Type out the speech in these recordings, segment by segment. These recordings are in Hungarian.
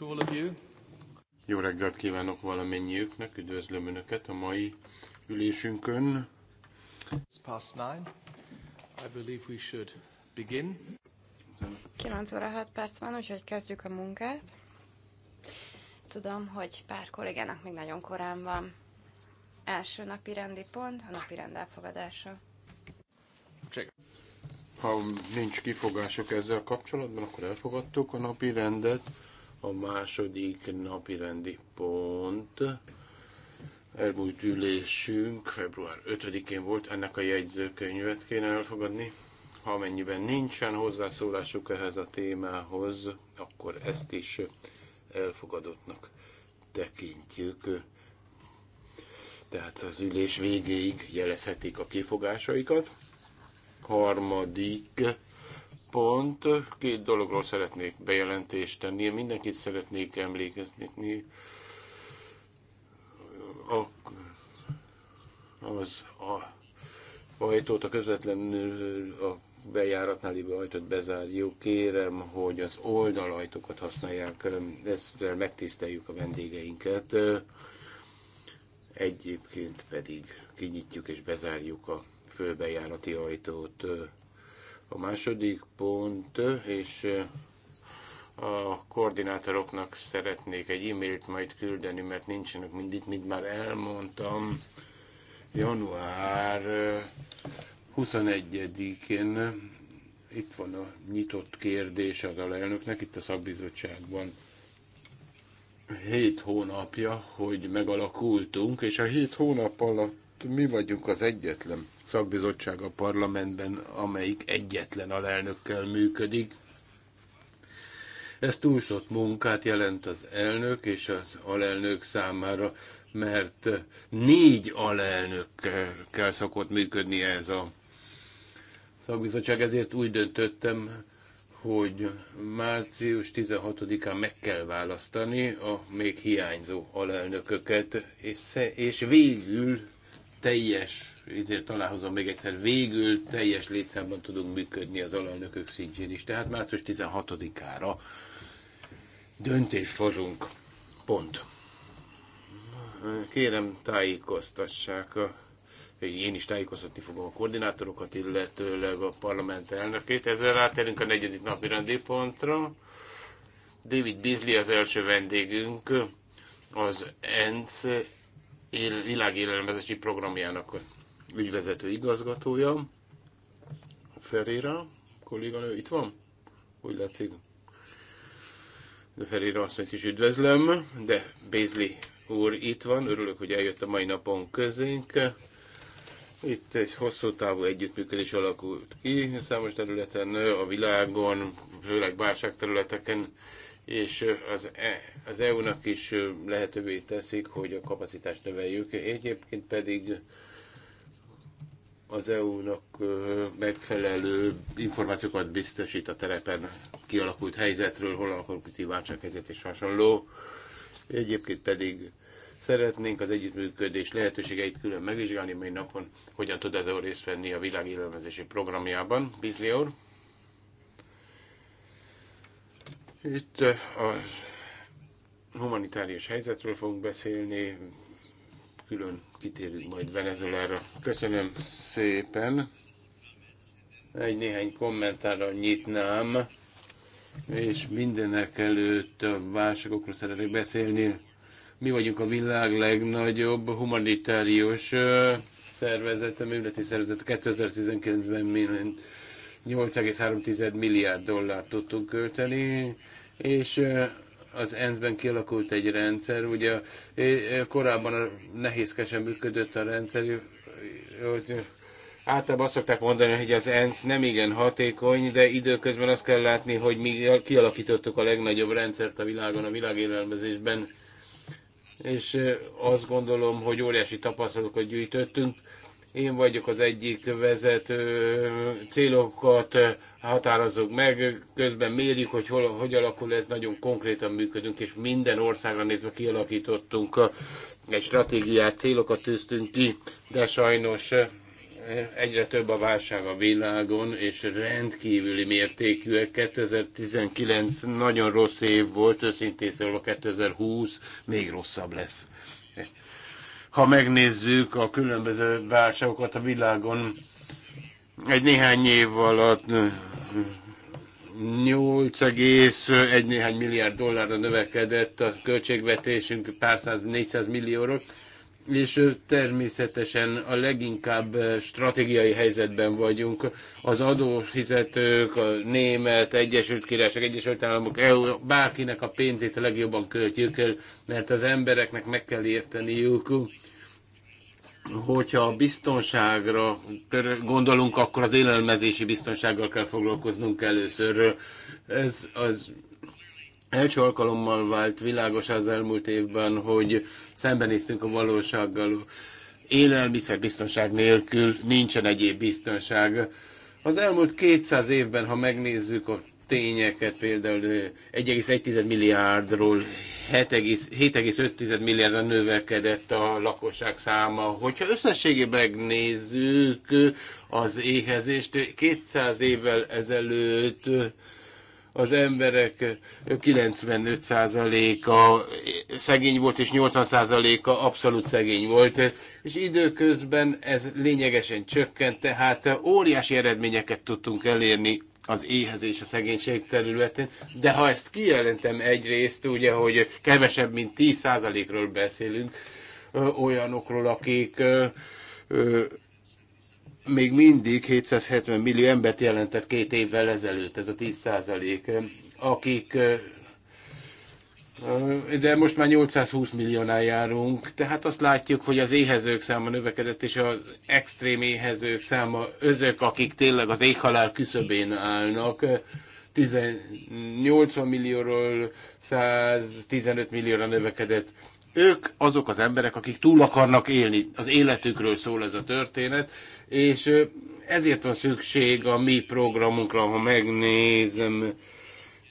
to all of you. Jó reggelt kívánok valamennyiüknek, üdvözlöm Önöket a mai ülésünkön. It's past nine. I believe we should begin. 9 óra 6 perc van, úgyhogy kezdjük a munkát. Tudom, hogy pár kollégának még nagyon korán van. Első napi rendi pont, a napi rend elfogadása. Check. Ha nincs kifogások ezzel kapcsolatban, akkor elfogadtuk a napi rendet. A második napi rendi pont elmúlt ülésünk február 5-én volt, ennek a jegyzőkönyvet kéne elfogadni. Ha mennyiben nincsen hozzászólásuk ehhez a témához, akkor ezt is elfogadottnak tekintjük. Tehát az ülés végéig jelezhetik a kifogásaikat. Harmadik pont. Két dologról szeretnék bejelentést tenni. Mindenkit szeretnék emlékeztetni. A, az a ajtót, a közvetlenül a bejáratnál lévő ajtót bezárjuk. Kérem, hogy az oldalajtókat használják, ezzel megtiszteljük a vendégeinket. Egyébként pedig kinyitjuk és bezárjuk a főbejárati ajtót. A második pont, és eh, a koordinátoroknak szeretnék egy e-mailt majd küldeni, mert nincsenek mindig, mint már elmondtam, január 21-én eh, itt van a nyitott kérdés az alelnöknek, itt a szakbizottságban Hét hónapja, hogy megalakultunk, és a hét hónap alatt mi vagyunk az egyetlen szakbizottság a parlamentben, amelyik egyetlen alelnökkel működik. Ez túlszott munkát jelent az elnök és az alelnök számára, mert négy alelnökkel szokott működni ez a szakbizottság, ezért úgy döntöttem, hogy március 16-án meg kell választani a még hiányzó alelnököket, és, és végül teljes, ezért találhozom még egyszer, végül teljes létszámban tudunk működni az alelnökök szintjén is. Tehát március 16-ára döntést hozunk. Pont. Kérem tájékoztassák, én is tájékoztatni fogom a koordinátorokat, illetőleg a parlament elnökét. Ezzel ráterünk a negyedik napi rendi pontra. David Bizli az első vendégünk, az ENSZ él, világélelmezési programjának ügyvezető igazgatója, Ferreira kolléganő, itt van? Úgy látszik. De Ferreira mondja, is üdvözlöm, de Bézli úr itt van, örülök, hogy eljött a mai napon közénk. Itt egy hosszú távú együttműködés alakult ki számos területen a világon, főleg területeken és az, e, az EU-nak is lehetővé teszik, hogy a kapacitást növeljük. Egyébként pedig az EU-nak megfelelő információkat biztosít a terepen kialakult helyzetről, hol a korruptív válsághelyzet és hasonló. Egyébként pedig szeretnénk az együttműködés lehetőségeit külön megvizsgálni, mai napon hogyan tud az EU részt venni a világélelmezési programjában. Bizli úr? Itt a humanitárius helyzetről fogunk beszélni, külön kitérünk majd Venezuelára. Köszönöm szépen. Egy néhány kommentára nyitnám, és mindenek előtt a válságokról szeretnék beszélni. Mi vagyunk a világ legnagyobb humanitárius szervezete, műveleti szervezete 2019-ben, mint 8,3 milliárd dollárt tudtunk költeni, és az ENSZ-ben kialakult egy rendszer, ugye korábban nehézkesen működött a rendszer, hogy általában azt szokták mondani, hogy az ENSZ nem igen hatékony, de időközben azt kell látni, hogy mi kialakítottuk a legnagyobb rendszert a világon, a világélelmezésben, és azt gondolom, hogy óriási tapasztalatokat gyűjtöttünk, én vagyok az egyik vezető, célokat határozzuk meg, közben mérjük, hogy hol, hogy alakul ez, nagyon konkrétan működünk, és minden országra nézve kialakítottunk egy stratégiát, célokat tűztünk ki, de sajnos egyre több a válság a világon, és rendkívüli mértékűek. 2019 nagyon rossz év volt, őszintén szóval 2020 még rosszabb lesz ha megnézzük a különböző válságokat a világon, egy néhány év alatt 8,1 néhány milliárd dollárra növekedett a költségvetésünk pár száz, 400 millióról, és természetesen a leginkább stratégiai helyzetben vagyunk. Az adófizetők, a német, Egyesült Királyság, Egyesült Államok, EU, bárkinek a pénzét a legjobban költjük el, mert az embereknek meg kell érteniük, hogyha a biztonságra gondolunk, akkor az élelmezési biztonsággal kell foglalkoznunk először. Ez az első alkalommal vált világos az elmúlt évben, hogy szembenéztünk a valósággal. biztonság nélkül nincsen egyéb biztonság. Az elmúlt 200 évben, ha megnézzük a tényeket, például 1,1 milliárdról 7,5 milliárdra növekedett a lakosság száma. Hogyha összességében nézzük az éhezést, 200 évvel ezelőtt az emberek 95%-a szegény volt, és 80%-a abszolút szegény volt, és időközben ez lényegesen csökkent, tehát óriási eredményeket tudtunk elérni az éhezés, a szegénység területén, de ha ezt kijelentem egyrészt, ugye, hogy kevesebb, mint 10%-ról beszélünk, olyanokról, akik még mindig 770 millió embert jelentett két évvel ezelőtt, ez a 10 százalék, akik de most már 820 milliónál járunk, tehát azt látjuk, hogy az éhezők száma növekedett, és az extrém éhezők száma, özök, akik tényleg az éghalál küszöbén állnak, 18 millióról 115 millióra növekedett. Ők azok az emberek, akik túl akarnak élni. Az életükről szól ez a történet, és ezért van szükség a mi programunkra, ha megnézem,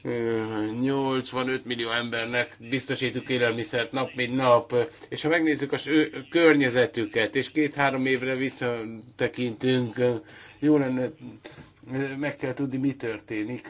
85 millió embernek biztosítjuk élelmiszert nap, mint nap, és ha megnézzük az ő környezetüket, és két-három évre visszatekintünk, jó lenne meg kell tudni, mi történik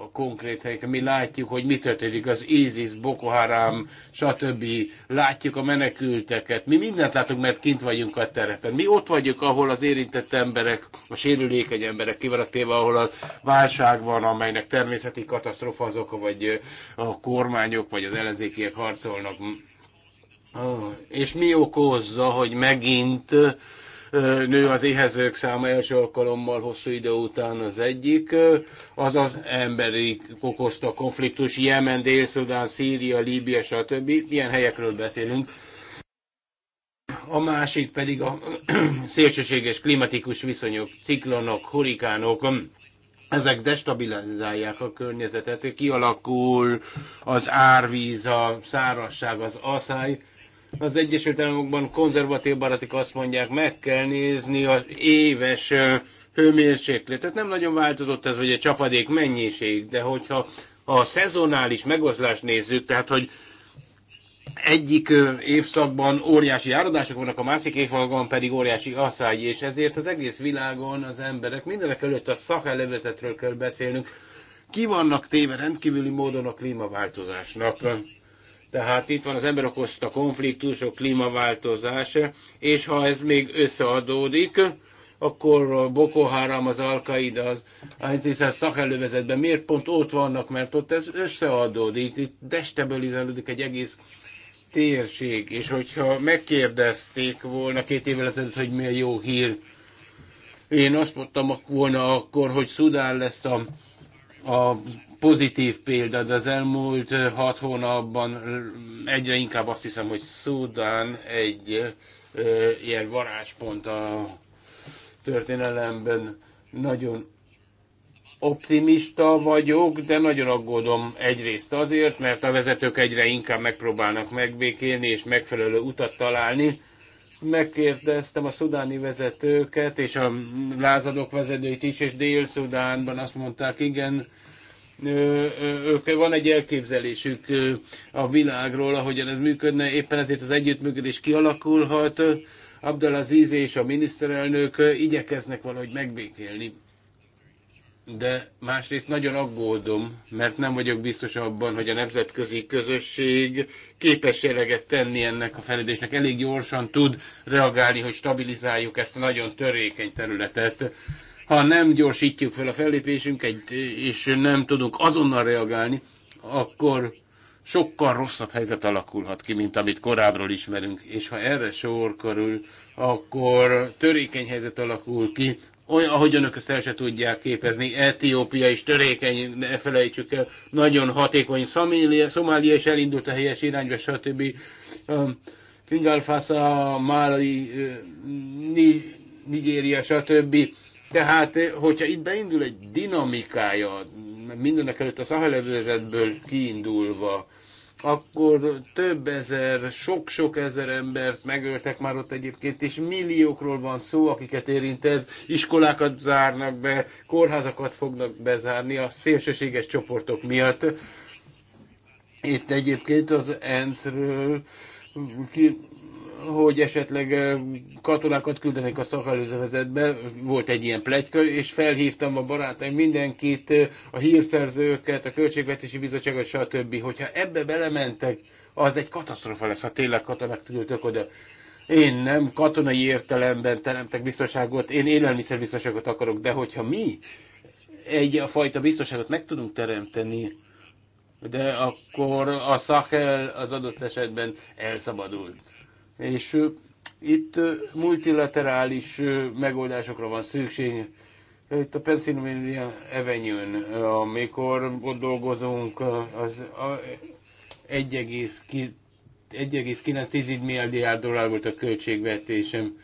a konkrét helyeken. Mi látjuk, hogy mi történik az ISIS, Boko Haram, stb. Látjuk a menekülteket. Mi mindent látunk, mert kint vagyunk a terepen. Mi ott vagyunk, ahol az érintett emberek, a sérülékeny emberek kivannak téve, ahol a válság van, amelynek természeti katasztrofa az oka, vagy a kormányok, vagy az ellenzékiek harcolnak. És mi okozza, hogy megint nő az éhezők száma első alkalommal hosszú idő után az egyik, az az emberi okozta konfliktus, Jemen, Dél-Szudán, Szíria, Líbia, stb. Ilyen helyekről beszélünk. A másik pedig a szélsőséges klimatikus viszonyok, ciklonok, hurikánok, ezek destabilizálják a környezetet, kialakul az árvíz, a szárasság, az aszály, az Egyesült Államokban konzervatív barátik azt mondják, meg kell nézni az éves hőmérsékletet. Nem nagyon változott ez, hogy a csapadék mennyiség, de hogyha a szezonális megoszlást nézzük, tehát hogy egyik évszakban óriási áradások vannak, a másik évszakban pedig óriási asszály, és ezért az egész világon az emberek, mindenek előtt a szakelevezetről kell beszélnünk, ki vannak téve rendkívüli módon a klímaváltozásnak. Tehát itt van az ember okozta konfliktusok, klímaváltozás, és ha ez még összeadódik, akkor a Boko Haram, az Al-Qaida, az ISIS, szakelővezetben miért pont ott vannak, mert ott ez összeadódik, itt destabilizálódik egy egész térség, és hogyha megkérdezték volna két évvel ezelőtt, hogy mi a jó hír, én azt mondtam volna akkor, hogy Szudán lesz a, a pozitív példa, de az elmúlt hat hónapban egyre inkább azt hiszem, hogy Szudán egy ö, ilyen varázspont a történelemben. Nagyon optimista vagyok, de nagyon aggódom egyrészt azért, mert a vezetők egyre inkább megpróbálnak megbékélni és megfelelő utat találni. Megkérdeztem a szudáni vezetőket és a lázadók vezetőit is, és Dél-Szudánban azt mondták, igen, ők, van egy elképzelésük a világról, ahogyan ez működne, éppen ezért az együttműködés kialakulhat. Abdelaziz és a miniszterelnök igyekeznek valahogy megbékélni. De másrészt nagyon aggódom, mert nem vagyok biztos abban, hogy a nemzetközi közösség képes eleget tenni ennek a fejlődésnek. Elég gyorsan tud reagálni, hogy stabilizáljuk ezt a nagyon törékeny területet. Ha nem gyorsítjuk fel a fellépésünket, és nem tudunk azonnal reagálni, akkor sokkal rosszabb helyzet alakulhat ki, mint amit korábbról ismerünk. És ha erre sor kerül, akkor törékeny helyzet alakul ki, olyan, ahogy önök ezt el se tudják képezni, Etiópia is törékeny, ne felejtsük el, nagyon hatékony, Szomália, Szomália is elindult a helyes irányba, stb. Um, Kingalfasa, Mali, uh, Nigéria, stb. Tehát, eh, hogyha itt beindul egy dinamikája, mindenek előtt a szahelevezetből kiindulva, akkor több ezer, sok-sok ezer embert megöltek már ott egyébként, és milliókról van szó, akiket érint ez, iskolákat zárnak be, kórházakat fognak bezárni a szélsőséges csoportok miatt. Itt egyébként az ENSZ-ről ki, hogy esetleg katonákat küldenek a szakelőzövezetbe, volt egy ilyen plegyka, és felhívtam a barátaim mindenkit, a hírszerzőket, a Költségvetési Bizottságot, stb. Hogyha ebbe belementek, az egy katasztrofa lesz, ha tényleg katonák küldtök oda. Én nem katonai értelemben teremtek biztonságot, én élelmiszerbiztonságot akarok, de hogyha mi egy a fajta biztonságot meg tudunk teremteni, de akkor a szakel az adott esetben elszabadult és itt multilaterális megoldásokra van szükség. Itt a Pennsylvania Avenue-n, amikor ott dolgozunk, az 1,9 milliárd dollár volt a költségvetésem,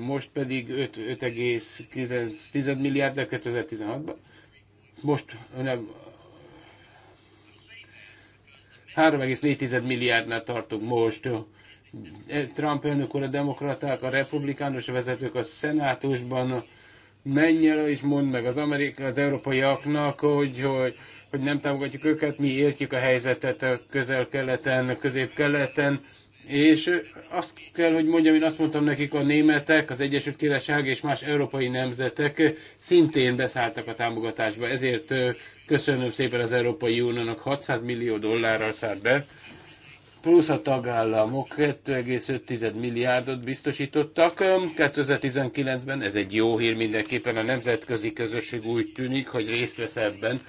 most pedig 5,9 milliárd 2016-ban. Most nem, 3,4 milliárdnál tartunk most. Trump elnök úr, a demokraták, a republikánus vezetők a szenátusban menj el és mondd meg az, amerikai, az európaiaknak, hogy, hogy, hogy nem támogatjuk őket, mi értjük a helyzetet a közel-keleten, közép-keleten, és azt kell, hogy mondjam, én azt mondtam nekik, a németek, az Egyesült Királyság és más európai nemzetek szintén beszálltak a támogatásba, ezért köszönöm szépen az Európai Uniónak 600 millió dollárral szállt be, plusz a tagállamok 2,5 milliárdot biztosítottak 2019-ben. Ez egy jó hír mindenképpen, a nemzetközi közösség úgy tűnik, hogy részt vesz ebben.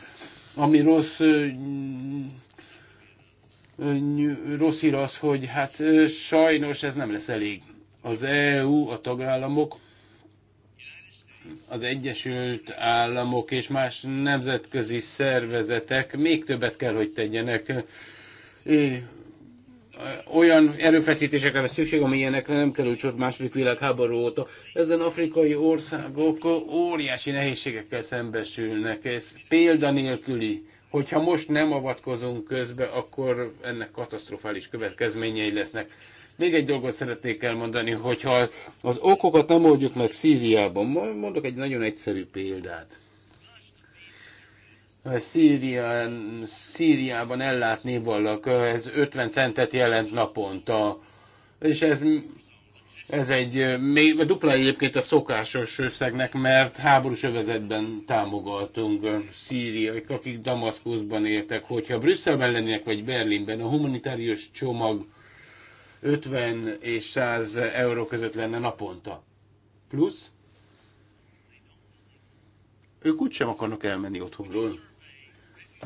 Ami rossz, rossz hír az, hogy hát sajnos ez nem lesz elég. Az EU, a tagállamok, az Egyesült Államok és más nemzetközi szervezetek még többet kell, hogy tegyenek olyan erőfeszítésekre lesz szükség, ami ilyenekre nem került sor második világháború óta. Ezen afrikai országok óriási nehézségekkel szembesülnek. Ez példanélküli. Hogyha most nem avatkozunk közbe, akkor ennek katasztrofális következményei lesznek. Még egy dolgot szeretnék elmondani, hogyha az okokat nem oldjuk meg Szíriában, mondok egy nagyon egyszerű példát. Szírián, Szíriában ellátni vallak, ez 50 centet jelent naponta, és ez, ez egy még dupla egyébként a szokásos összegnek, mert háborús övezetben támogatunk szíriak, akik Damaszkuszban éltek. Hogyha Brüsszelben lennének, vagy Berlinben, a humanitárius csomag 50 és 100 euró között lenne naponta. Plusz? Ők úgysem akarnak elmenni otthonról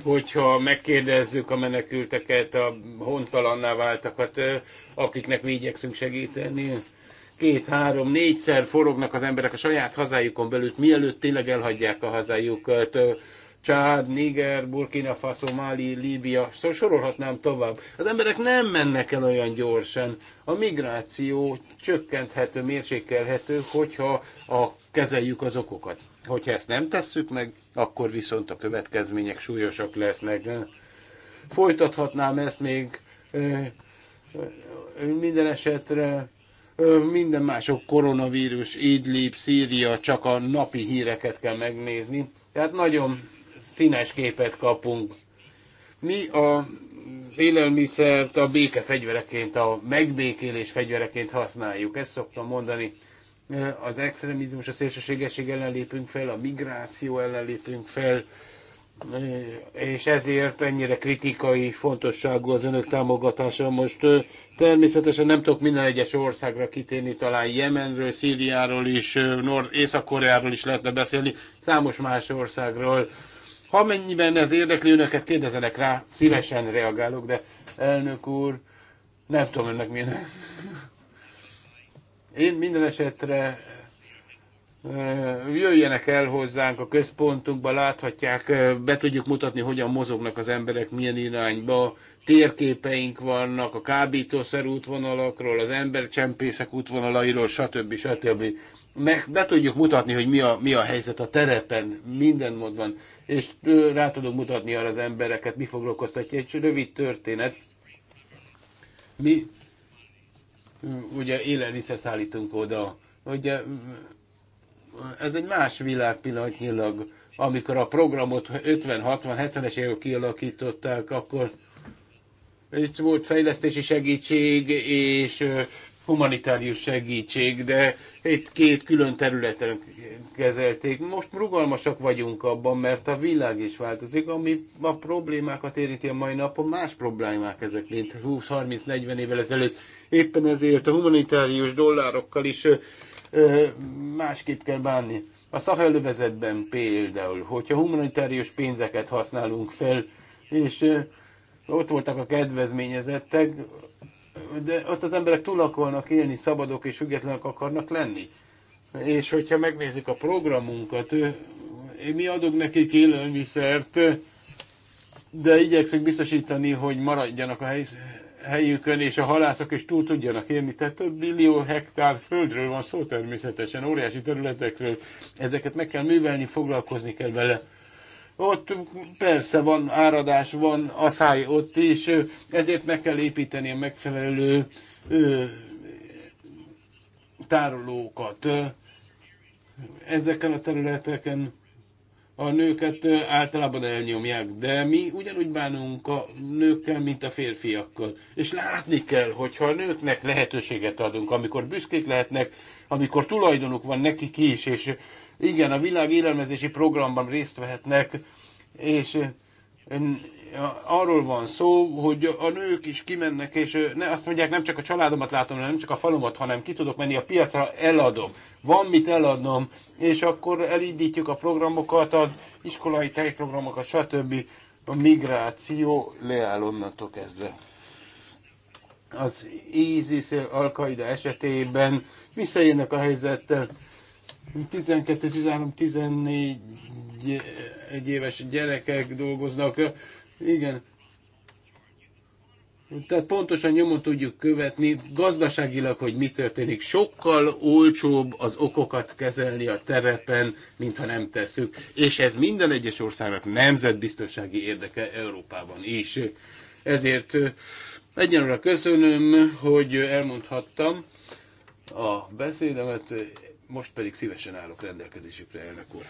hogyha megkérdezzük a menekülteket, a hontalanná váltakat, akiknek mi igyekszünk segíteni, két, három, négyszer forognak az emberek a saját hazájukon belül, mielőtt tényleg elhagyják a hazájukat. Csád, Niger, Burkina Faso, Mali, Líbia, szóval sorolhatnám tovább. Az emberek nem mennek el olyan gyorsan. A migráció csökkenthető, mérsékelhető, hogyha a, kezeljük az okokat. Hogyha ezt nem tesszük meg, akkor viszont a következmények súlyosak lesznek. Folytathatnám ezt még minden esetre minden mások koronavírus, Idlib, Szíria, csak a napi híreket kell megnézni. Tehát nagyon színes képet kapunk. Mi a, az élelmiszert a béke fegyvereként, a megbékélés fegyvereként használjuk. Ezt szoktam mondani az extrémizmus, a szélsőségesség ellen lépünk fel, a migráció ellen lépünk fel, és ezért ennyire kritikai fontosságú az önök támogatása. Most természetesen nem tudok minden egyes országra kitérni, talán Jemenről, Szíriáról is, Észak-Koreáról is lehetne beszélni, számos más országról. Ha mennyiben ez érdekli önöket, kérdezenek rá, szívesen reagálok, de elnök úr, nem tudom önnek milyen én minden esetre jöjjenek el hozzánk a központunkba, láthatják, be tudjuk mutatni, hogyan mozognak az emberek, milyen irányba, térképeink vannak a kábítószer útvonalakról, az embercsempészek útvonalairól, stb. stb. Meg be tudjuk mutatni, hogy mi a, mi a helyzet a terepen, minden van, és rá tudunk mutatni arra az embereket, mi foglalkoztatja. Egy rövid történet. Mi ugye élelmiszer szállítunk oda, ugye ez egy más világ pillanatnyilag. Amikor a programot 50, 60, 70-es évek kialakították, akkor itt volt fejlesztési segítség és humanitárius segítség, de itt két külön területen kezelték. Most rugalmasak vagyunk abban, mert a világ is változik, ami a problémákat érinti a mai napon, más problémák ezek, mint 20-30-40 évvel ezelőtt Éppen ezért a humanitárius dollárokkal is másképp kell bánni. A szahelövezetben például, hogyha humanitárius pénzeket használunk fel, és ott voltak a kedvezményezettek, de ott az emberek túl akarnak élni, szabadok és függetlenek akarnak lenni. És hogyha megnézzük a programunkat, mi adunk nekik élelmiszert, de igyekszünk biztosítani, hogy maradjanak a helyükön, és a halászok is túl tudjanak élni. Tehát több millió hektár földről van szó természetesen, óriási területekről. Ezeket meg kell művelni, foglalkozni kell vele. Ott persze van áradás, van asszály ott is, ezért meg kell építeni a megfelelő ö, tárolókat. Ezeken a területeken a nőket általában elnyomják, de mi ugyanúgy bánunk a nőkkel, mint a férfiakkal. És látni kell, hogyha a nőknek lehetőséget adunk, amikor büszkék lehetnek, amikor tulajdonuk van nekik is, és igen, a világ élelmezési programban részt vehetnek, és arról van szó, hogy a nők is kimennek, és ne, azt mondják, nem csak a családomat látom, nem csak a falomat, hanem ki tudok menni a piacra, eladom. Van mit eladnom, és akkor elindítjuk a programokat, az iskolai tejprogramokat, stb. A migráció leáll onnantól kezdve. Az ISIS, Al-Qaida esetében visszaérnek a helyzettel. 12, 13, 14 egy éves gyerekek dolgoznak igen. Tehát pontosan nyomon tudjuk követni gazdaságilag, hogy mi történik. Sokkal olcsóbb az okokat kezelni a terepen, mintha nem tesszük. És ez minden egyes országnak nemzetbiztonsági érdeke Európában is. Ezért egyenlőre köszönöm, hogy elmondhattam a beszédemet, most pedig szívesen állok rendelkezésükre, elnök úr.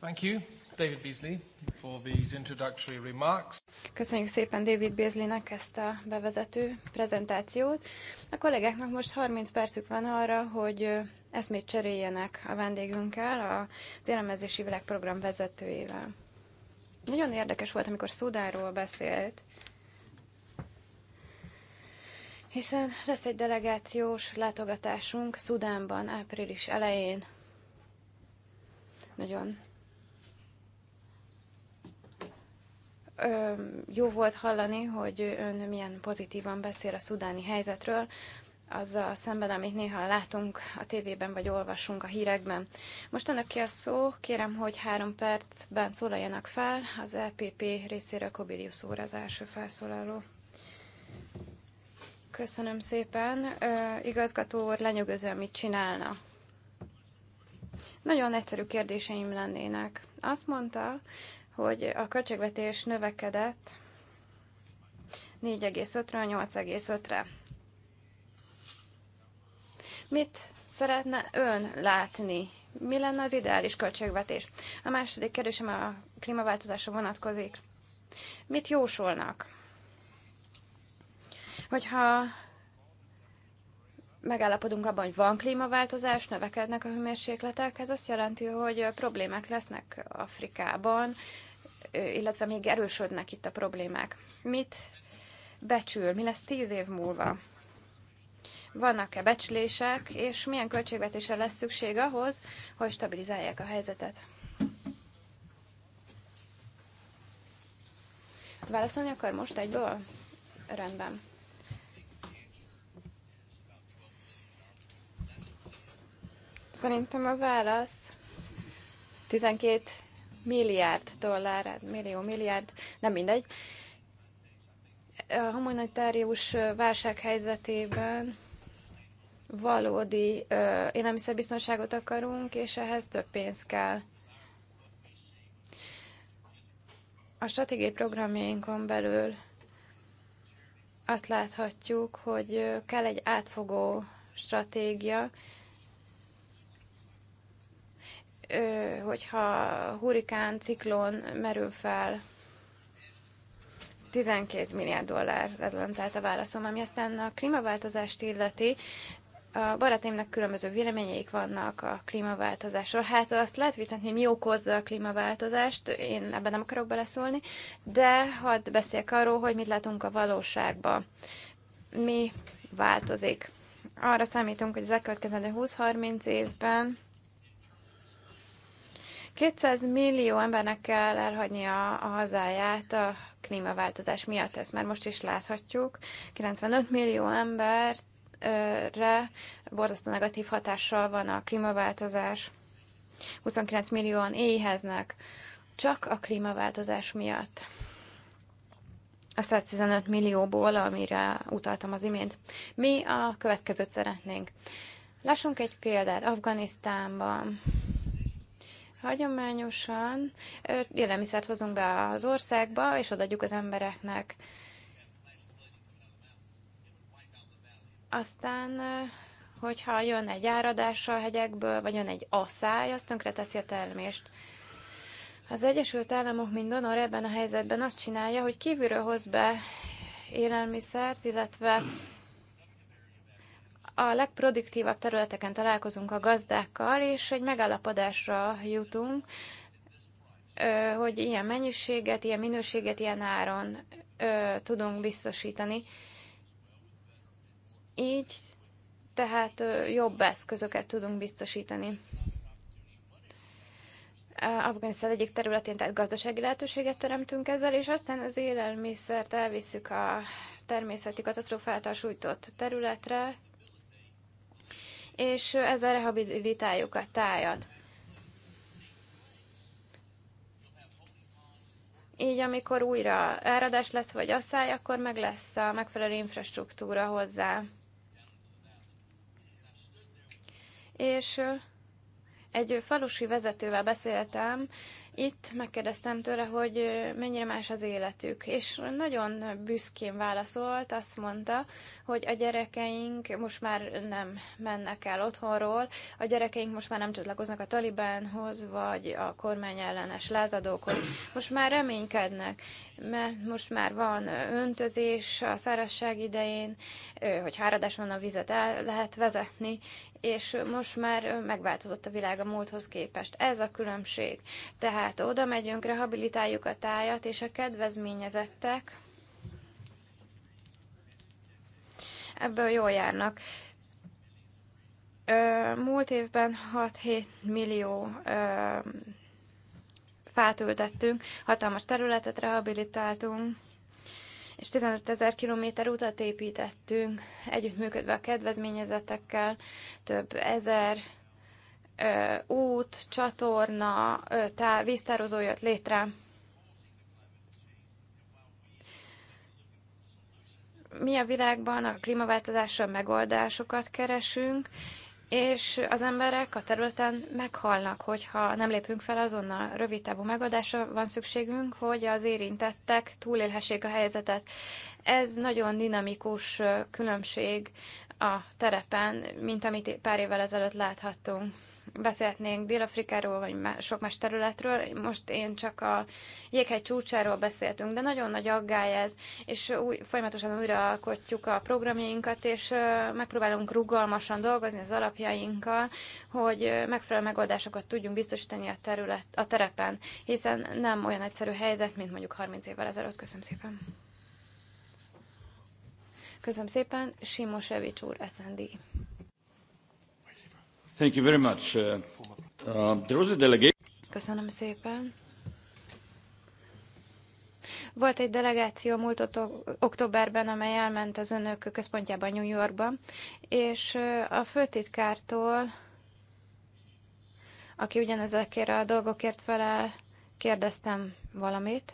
Thank you. David Beasley for these introductory remarks. Köszönjük szépen David Beasleynek ezt a bevezető prezentációt. A kollégáknak most 30 percük van arra, hogy eszmét cseréljenek a vendégünkkel, az élemezési Világprogram vezetőjével. Nagyon érdekes volt, amikor Szudáról beszélt, hiszen lesz egy delegációs látogatásunk Szudánban április elején. Nagyon jó volt hallani, hogy ön milyen pozitívan beszél a szudáni helyzetről, azzal szemben, amit néha látunk a tévében, vagy olvasunk a hírekben. Most annak ki a szó, kérem, hogy három percben szólaljanak fel. Az EPP részéről Kobilius úr az első felszólaló. Köszönöm szépen. Igazgató úr, lenyűgöző, mit csinálna. Nagyon egyszerű kérdéseim lennének. Azt mondta, hogy a költségvetés növekedett 45 re 8,5-re. Mit szeretne ön látni? Mi lenne az ideális költségvetés? A második kérdésem a klímaváltozásra vonatkozik. Mit jósolnak? Hogyha megállapodunk abban, hogy van klímaváltozás, növekednek a hőmérsékletek, ez azt jelenti, hogy problémák lesznek Afrikában, illetve még erősödnek itt a problémák. Mit becsül, mi lesz tíz év múlva? Vannak-e becslések, és milyen költségvetésre lesz szükség ahhoz, hogy stabilizálják a helyzetet? Válaszolni akar most egyből? Rendben. Szerintem a válasz 12 milliárd dollár, hát millió milliárd, nem mindegy. A humanitárius válság helyzetében valódi élelmiszerbiztonságot akarunk, és ehhez több pénz kell. A stratégiai programjainkon belül azt láthatjuk, hogy kell egy átfogó stratégia, hogyha hurikán, ciklon merül fel, 12 milliárd dollár lett tehát a válaszom, ami aztán a klímaváltozást illeti. A barátaimnak különböző véleményeik vannak a klímaváltozásról. Hát azt lehet vitatni, mi okozza a klímaváltozást, én ebben nem akarok beleszólni, de hadd beszéljek arról, hogy mit látunk a valóságban. Mi változik. Arra számítunk, hogy az elkövetkezendő 20-30 évben 200 millió embernek kell elhagynia a hazáját a klímaváltozás miatt, ezt már most is láthatjuk. 95 millió emberre borzasztó negatív hatással van a klímaváltozás, 29 millióan éheznek csak a klímaváltozás miatt a 115 millióból, amire utaltam az imént. Mi a következőt szeretnénk. Lássunk egy példát Afganisztánban. Hagyományosan élelmiszert hozunk be az országba, és odaadjuk az embereknek. Aztán, hogyha jön egy áradás a hegyekből, vagy jön egy asszály, az tönkreteszi a termést. Az Egyesült Államok, mint donor ebben a helyzetben azt csinálja, hogy kívülről hoz be élelmiszert, illetve a legproduktívabb területeken találkozunk a gazdákkal, és egy megállapodásra jutunk, hogy ilyen mennyiséget, ilyen minőséget, ilyen áron tudunk biztosítani. Így tehát jobb eszközöket tudunk biztosítani. Afganisztán egyik területén, tehát gazdasági lehetőséget teremtünk ezzel, és aztán az élelmiszert elviszük a természeti katasztrófáltal sújtott területre, és ezzel rehabilitáljuk a tájat. Így amikor újra áradás lesz, vagy asszály, akkor meg lesz a megfelelő infrastruktúra hozzá. És egy falusi vezetővel beszéltem, itt megkérdeztem tőle, hogy mennyire más az életük, és nagyon büszkén válaszolt, azt mondta, hogy a gyerekeink most már nem mennek el otthonról, a gyerekeink most már nem csatlakoznak a Talibánhoz, vagy a kormány ellenes lázadókhoz. Most már reménykednek, mert most már van öntözés a szárazság idején, hogy háradás van a vizet el lehet vezetni, és most már megváltozott a világ a múlthoz képest. Ez a különbség. Tehát tehát oda megyünk, rehabilitáljuk a tájat, és a kedvezményezettek ebből jól járnak. Múlt évben 6-7 millió fát ültettünk, hatalmas területet rehabilitáltunk, és 15 ezer kilométer utat építettünk, együttműködve a kedvezményezetekkel, több ezer út, csatorna, tá, víztározó jött létre. Mi a világban a klímaváltozásra megoldásokat keresünk, és az emberek a területen meghalnak, hogyha nem lépünk fel azonnal. Rövid távú megoldásra van szükségünk, hogy az érintettek túlélhessék a helyzetet. Ez nagyon dinamikus különbség a terepen, mint amit pár évvel ezelőtt láthattunk beszélhetnénk Dél-Afrikáról, vagy sok más területről, most én csak a jéghegy csúcsáról beszéltünk, de nagyon nagy aggály ez, és új, folyamatosan újra a programjainkat, és megpróbálunk rugalmasan dolgozni az alapjainkkal, hogy megfelelő megoldásokat tudjunk biztosítani a, terület, a terepen, hiszen nem olyan egyszerű helyzet, mint mondjuk 30 évvel ezelőtt. Köszönöm szépen! Köszönöm szépen, Simosevics úr, SND. Thank you very much. Uh, uh there was a delegation. Köszönöm szépen. Volt egy delegáció múlt októberben, amely elment az önök központjában New Yorkba, és a főtitkártól, aki ugyanezekért a dolgokért felel, kérdeztem valamit.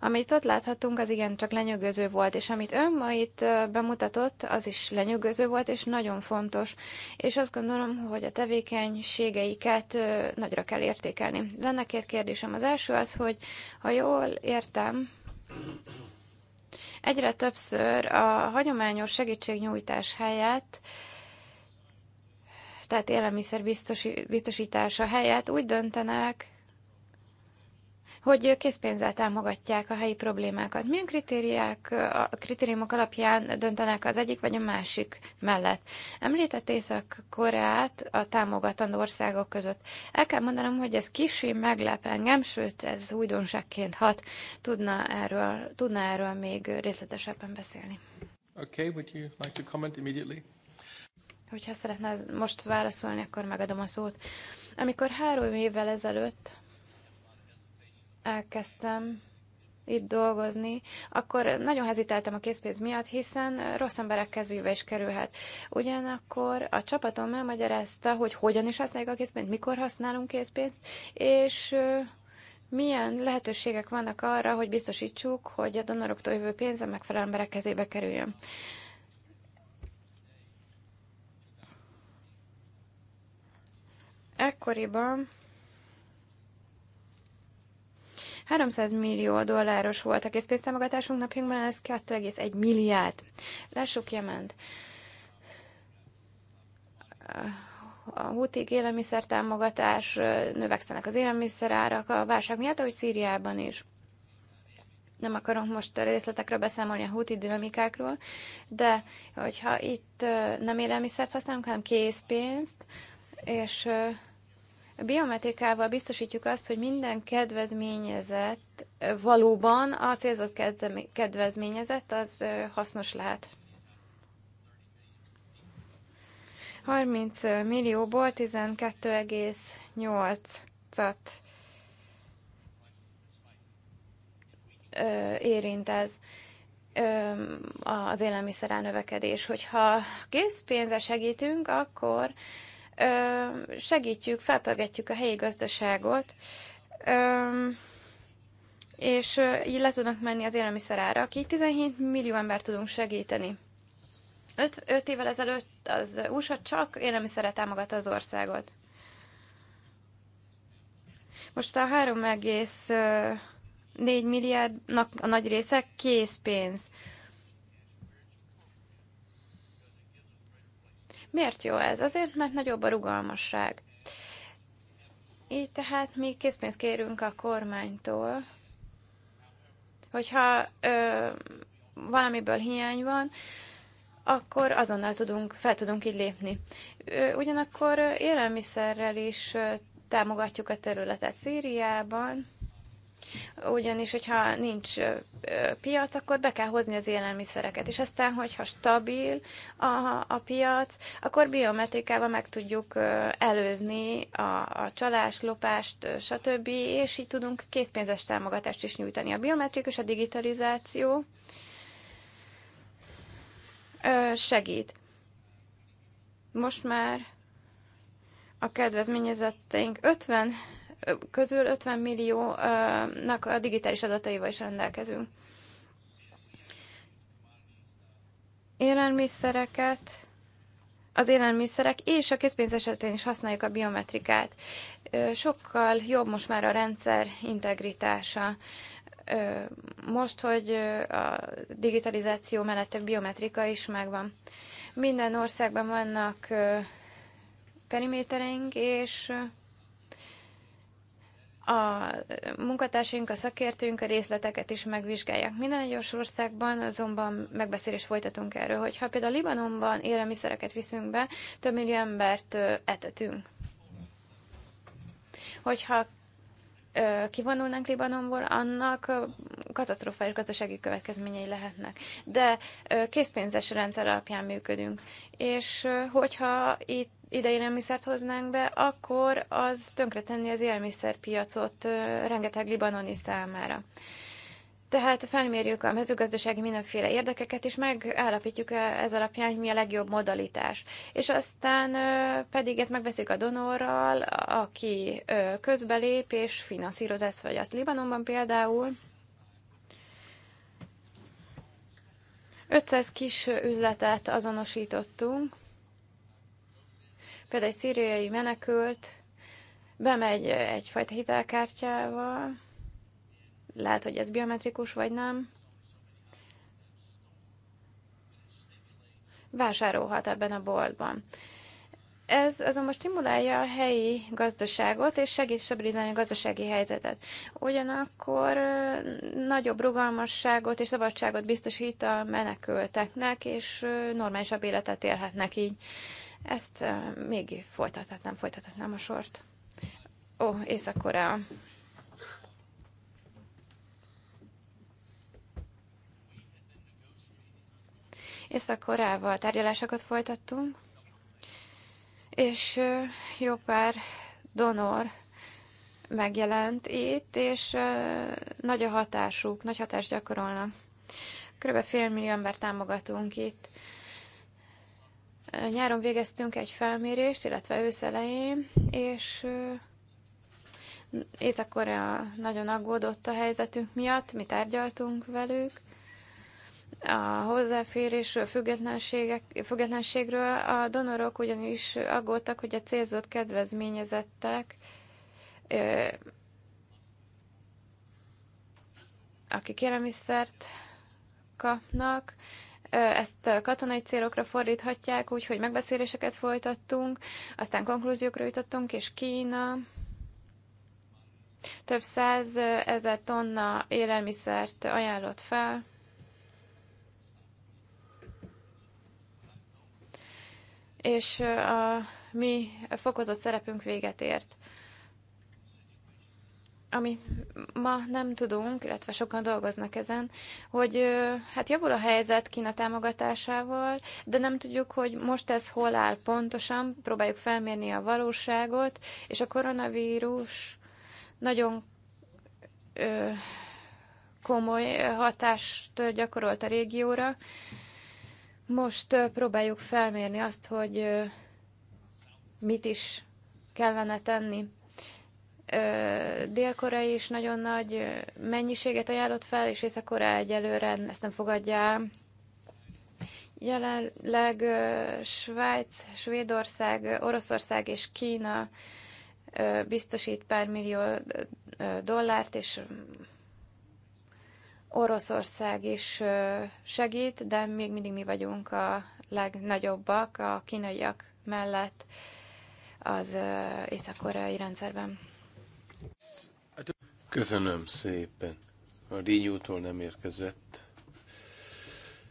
Amit ott láthattunk, az igen csak lenyűgöző volt, és amit ön ma itt bemutatott, az is lenyűgöző volt, és nagyon fontos, és azt gondolom, hogy a tevékenységeiket nagyra kell értékelni. Lenne két kérdésem. Az első az, hogy ha jól értem, egyre többször a hagyományos segítségnyújtás helyett tehát élelmiszer biztosítása helyett úgy döntenek, hogy készpénzzel támogatják a helyi problémákat. Milyen kritériák, a kritériumok alapján döntenek az egyik vagy a másik mellett? Említett Észak-Koreát a támogatandó országok között. El kell mondanom, hogy ez kicsi meglep engem, sőt, ez újdonságként hat. Tudna erről, tudna erről még részletesebben beszélni. Okay, would you like to comment immediately? Hogyha szeretne most válaszolni, akkor megadom a szót. Amikor három évvel ezelőtt elkezdtem itt dolgozni, akkor nagyon hezitáltam a készpénz miatt, hiszen rossz emberek kezébe is kerülhet. Ugyanakkor a csapatom elmagyarázta, hogy hogyan is használjuk a készpénzt, mikor használunk készpénzt, és milyen lehetőségek vannak arra, hogy biztosítsuk, hogy a donoroktól jövő pénze megfelelő emberek kezébe kerüljön. Ekkoriban 300 millió dolláros volt a készpénztámogatásunk napjunkban, ez 2,1 milliárd. Lássuk Jement. A hútig élelmiszertámogatás, növekszenek az élelmiszerárak a válság miatt, ahogy Szíriában is nem akarom most részletekről beszámolni a húti dinamikákról, de hogyha itt nem élelmiszert használunk, hanem készpénzt, és a biometrikával biztosítjuk azt, hogy minden kedvezményezett valóban a célzott kedvezményezett az hasznos lehet. 30 millióból 12,8-at érint ez az élelmiszer növekedés. Hogyha készpénzre segítünk, akkor segítjük, felpörgetjük a helyi gazdaságot, és így le tudnak menni az ára. Aki 17 millió ember tudunk segíteni. 5, évvel ezelőtt az USA csak élelmiszerre támogatta az országot. Most a 3,4 milliárdnak a nagy része készpénz. Miért jó ez? Azért, mert nagyobb a rugalmasság. Így tehát mi készpénzt kérünk a kormánytól, hogyha ö, valamiből hiány van, akkor azonnal tudunk, fel tudunk így lépni. ugyanakkor élelmiszerrel is támogatjuk a területet Szíriában, ugyanis, hogyha nincs piac, akkor be kell hozni az élelmiszereket, és aztán, hogyha stabil a, a piac, akkor biometrikával meg tudjuk előzni a, a csalás, lopást, stb., és így tudunk készpénzes támogatást is nyújtani. A biometrikus, a digitalizáció segít. Most már a kedvezményezetteink 50 közül 50 milliónak a digitális adataival is rendelkezünk. Élelmiszereket, az élelmiszerek és a készpénz esetén is használjuk a biometrikát. Sokkal jobb most már a rendszer integritása. Most, hogy a digitalizáció mellett a biometrika is megvan. Minden országban vannak perimétereink, és a munkatársaink, a szakértőink a részleteket is megvizsgálják. Minden egyes országban azonban megbeszélést folytatunk erről, hogy ha például Libanonban élelmiszereket viszünk be, több millió embert etetünk. Hogyha kivonulnánk Libanonból, annak katasztrofális gazdasági következményei lehetnek. De készpénzes rendszer alapján működünk. És hogyha itt élelmiszert hoznánk be, akkor az tönkretenni az élelmiszerpiacot rengeteg libanoni számára. Tehát felmérjük a mezőgazdasági mindenféle érdekeket, és megállapítjuk ez alapján, hogy mi a legjobb modalitás. És aztán pedig ezt megbeszik a donorral, aki közbelép és finanszíroz ezt vagy azt. Libanonban például 500 kis üzletet azonosítottunk, Például egy szíriai menekült bemegy egyfajta hitelkártyával, lehet, hogy ez biometrikus vagy nem, vásárolhat ebben a boltban. Ez azonban stimulálja a helyi gazdaságot, és segít stabilizálni a gazdasági helyzetet. Ugyanakkor nagyobb rugalmasságot és szabadságot biztosít a menekülteknek, és normálisabb életet élhetnek így. Ezt még folytathatnám, folytathatnám a sort. Ó, Észak-Korea. Észak-Koreával tárgyalásokat folytattunk, és jó pár donor megjelent itt, és nagy a hatásuk, nagy hatást gyakorolnak. Körülbelül fél millió ember támogatunk itt. Nyáron végeztünk egy felmérést, illetve őszelején, és Észak-Korea nagyon aggódott a helyzetünk miatt, mi tárgyaltunk velük, a hozzáférésről, függetlenségek, függetlenségről. A donorok ugyanis aggódtak, hogy a célzott kedvezményezettek, akik élelmiszert kapnak, ezt katonai célokra fordíthatják, úgyhogy megbeszéléseket folytattunk, aztán konklúziókra jutottunk, és Kína több száz ezer tonna élelmiszert ajánlott fel. És a mi fokozott szerepünk véget ért amit ma nem tudunk, illetve sokan dolgoznak ezen, hogy hát javul a helyzet Kína támogatásával, de nem tudjuk, hogy most ez hol áll pontosan, próbáljuk felmérni a valóságot, és a koronavírus nagyon ö, komoly hatást gyakorolt a régióra. Most próbáljuk felmérni azt, hogy mit is kellene tenni Dél-Korea is nagyon nagy mennyiséget ajánlott fel, és Észak-Korea egyelőre ezt nem fogadja Jelenleg Svájc, Svédország, Oroszország és Kína biztosít pár millió dollárt, és Oroszország is segít, de még mindig mi vagyunk a legnagyobbak, a kínaiak mellett az észak-koreai rendszerben. Köszönöm szépen. A Dínyútól nem érkezett.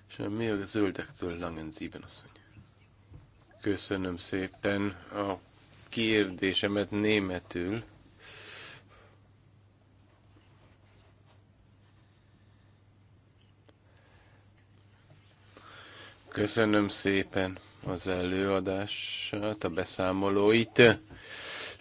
És a zöldektől Langenzíben asszony. Köszönöm szépen a kérdésemet németül. Köszönöm szépen az előadását, a beszámolóit.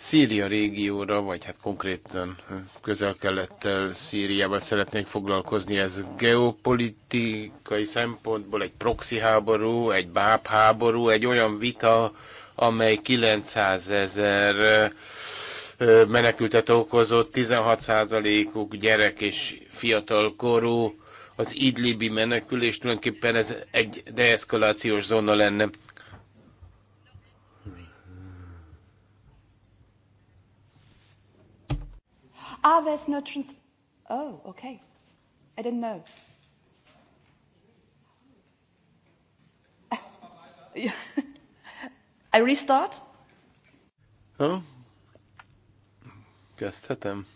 Szíria régióra, vagy hát konkrétan közel-kelettel Szíriával szeretnék foglalkozni. Ez geopolitikai szempontból egy proxy háború, egy báb háború, egy olyan vita, amely 900 ezer menekültet okozott, 16%-uk gyerek és fiatalkorú, az idlibi menekülés tulajdonképpen ez egy deeszkalációs zóna lenne. Ah, there's no trans... Oh, okay. I didn't know. I restart? Ha? Kezdhetem?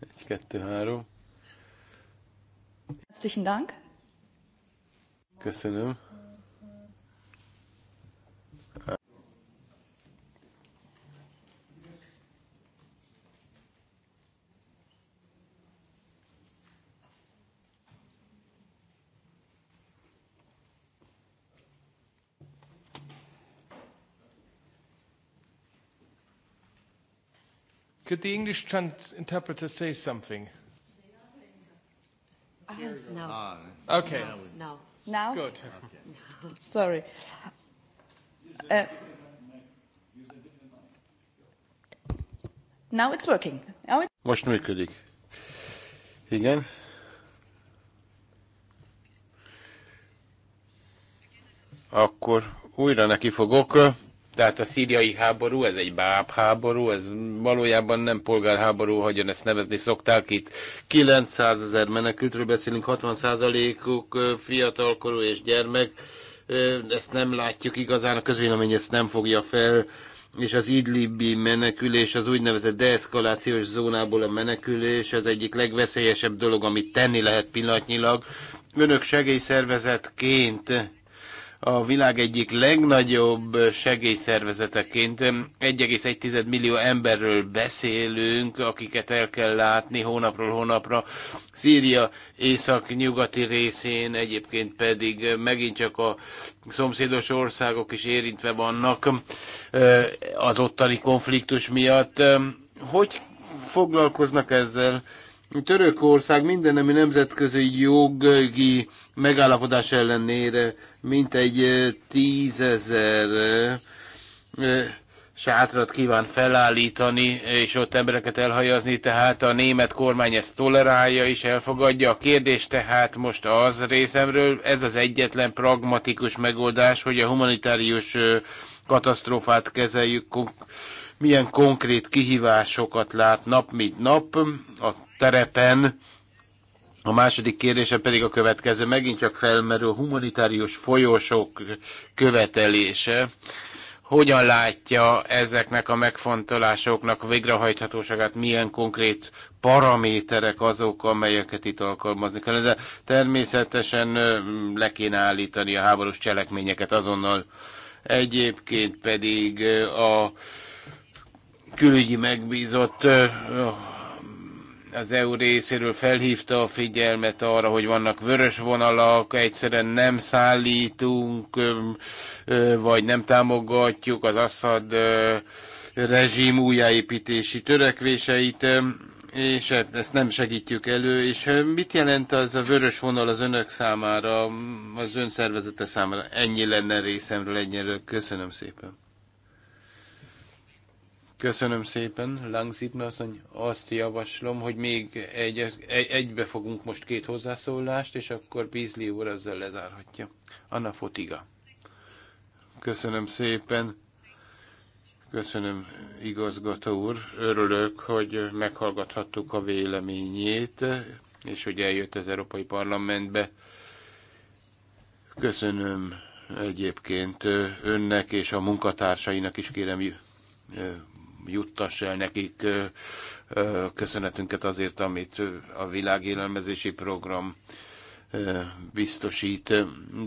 Egy, kettő, három. Herzlichen Dank. Köszönöm. Could the English trans interpreter say something? Ah. Yes, no. Okay. No. Now? Good. Okay. Sorry. Uh, now it's working. Now it Most működik. Igen. Akkor újra neki fogok. Tehát a szíriai háború, ez egy báb háború, ez valójában nem polgárháború, hogyan ezt nevezni szokták itt. 900 ezer menekültről beszélünk, 60 százalékuk fiatalkorú és gyermek. Ezt nem látjuk igazán, a közvélemény ezt nem fogja fel és az idlibi menekülés, az úgynevezett deeszkalációs zónából a menekülés, az egyik legveszélyesebb dolog, amit tenni lehet pillanatnyilag. Önök segélyszervezetként a világ egyik legnagyobb segélyszervezeteként 1,1 millió emberről beszélünk, akiket el kell látni hónapról hónapra. Szíria észak-nyugati részén egyébként pedig megint csak a szomszédos országok is érintve vannak az ottani konfliktus miatt. Hogy foglalkoznak ezzel? Törökország minden ami nemzetközi jogi megállapodás ellenére mint egy tízezer sátrat kíván felállítani, és ott embereket elhajazni, tehát a német kormány ezt tolerálja és elfogadja. A kérdés tehát most az részemről, ez az egyetlen pragmatikus megoldás, hogy a humanitárius katasztrófát kezeljük, milyen konkrét kihívásokat lát nap mint nap a terepen. A második kérdése pedig a következő, megint csak felmerül a humanitárius folyosok követelése. Hogyan látja ezeknek a megfontolásoknak a végrehajthatóságát, milyen konkrét paraméterek azok, amelyeket itt alkalmazni kell. De természetesen le kéne állítani a háborús cselekményeket azonnal. Egyébként pedig a külügyi megbízott az EU részéről felhívta a figyelmet arra, hogy vannak vörös vonalak, egyszerűen nem szállítunk, vagy nem támogatjuk az Assad rezsim újjáépítési törekvéseit, és hát ezt nem segítjük elő. És mit jelent az a vörös vonal az önök számára, az ön szervezete számára? Ennyi lenne részemről egyenlő. Köszönöm szépen. Köszönöm szépen, Langzibna asszony. Azt javaslom, hogy még egy, egy, egybe fogunk most két hozzászólást, és akkor Bízli úr ezzel lezárhatja. Anna Fotiga. Köszönöm szépen. Köszönöm, igazgató úr. Örülök, hogy meghallgathattuk a véleményét, és hogy eljött az Európai Parlamentbe. Köszönöm egyébként önnek és a munkatársainak is kérem juttass el nekik köszönetünket azért, amit a világélelmezési program biztosít,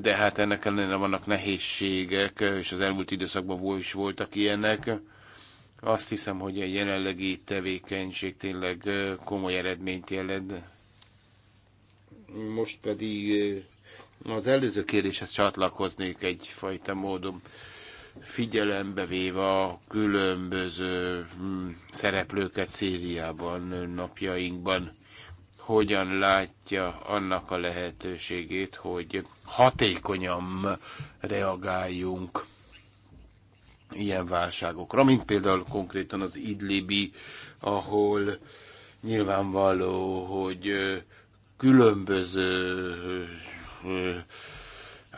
de hát ennek ellenére vannak nehézségek, és az elmúlt időszakban is voltak ilyenek. Azt hiszem, hogy a jelenlegi tevékenység tényleg komoly eredményt jelent. Most pedig az előző kérdéshez csatlakoznék egyfajta módon figyelembe véve a különböző hmm, szereplőket Szíriában napjainkban, hogyan látja annak a lehetőségét, hogy hatékonyan reagáljunk ilyen válságokra, mint például konkrétan az Idlibi, ahol nyilvánvaló, hogy különböző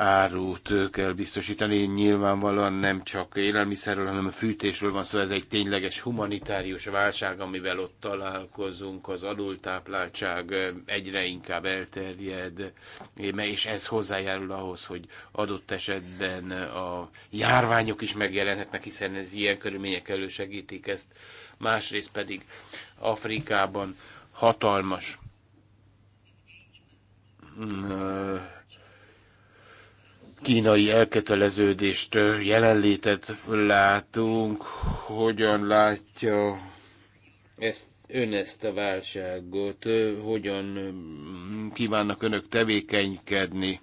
árut kell biztosítani. Nyilvánvalóan nem csak élelmiszerről, hanem a fűtésről van szó, szóval ez egy tényleges humanitárius válság, amivel ott találkozunk, az adultápláltság egyre inkább elterjed, és ez hozzájárul ahhoz, hogy adott esetben a járványok is megjelenhetnek, hiszen ez ilyen körülmények elősegítik ezt. Másrészt pedig Afrikában hatalmas kínai elköteleződést, jelenlétet látunk. Hogyan látja ezt, ön ezt a válságot? Hogyan kívánnak önök tevékenykedni?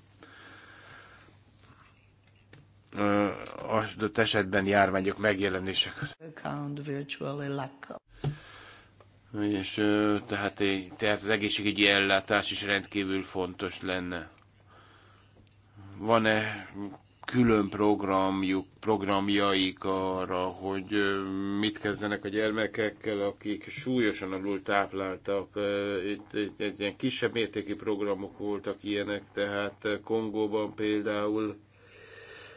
adott esetben járványok megjelenések. És tehát, tehát az egészségügyi ellátás is rendkívül fontos lenne van-e külön programjuk, programjaik arra, hogy mit kezdenek a gyermekekkel, akik súlyosan alul tápláltak. Itt, itt, itt ilyen kisebb mértéki programok voltak ilyenek, tehát Kongóban például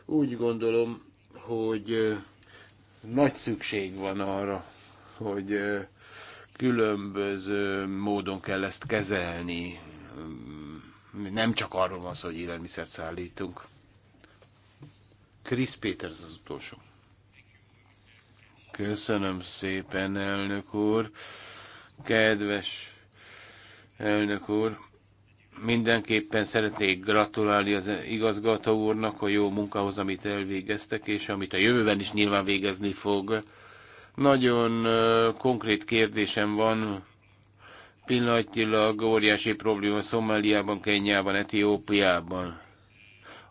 úgy gondolom, hogy nagy szükség van arra, hogy különböző módon kell ezt kezelni, nem csak arról van szó, hogy élelmiszert szállítunk. Chris Peters az utolsó. Köszönöm szépen, elnök úr. Kedves elnök úr, mindenképpen szeretnék gratulálni az igazgató úrnak a jó munkához, amit elvégeztek, és amit a jövőben is nyilván végezni fog. Nagyon konkrét kérdésem van, Pillanatilag óriási probléma Szomáliában, Kenyában, Etiópiában.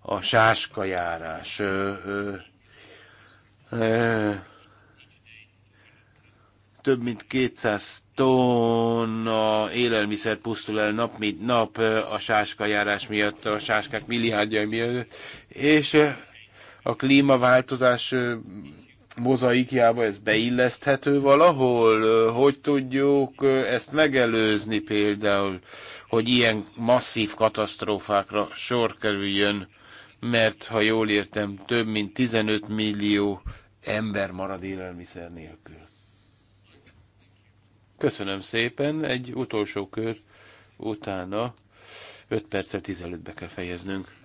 A sáskajárás. Ö, ö, ö, több mint 200 tonna élelmiszer pusztul el nap, mint nap a sáskajárás miatt, a sáskák milliárdjai miatt, és a klímaváltozás mozaikjába ez beilleszthető valahol? Hogy tudjuk ezt megelőzni például, hogy ilyen masszív katasztrófákra sor kerüljön? Mert, ha jól értem, több mint 15 millió ember marad élelmiszer nélkül. Köszönöm szépen, egy utolsó kör utána 5 perccel 15-be kell fejeznünk.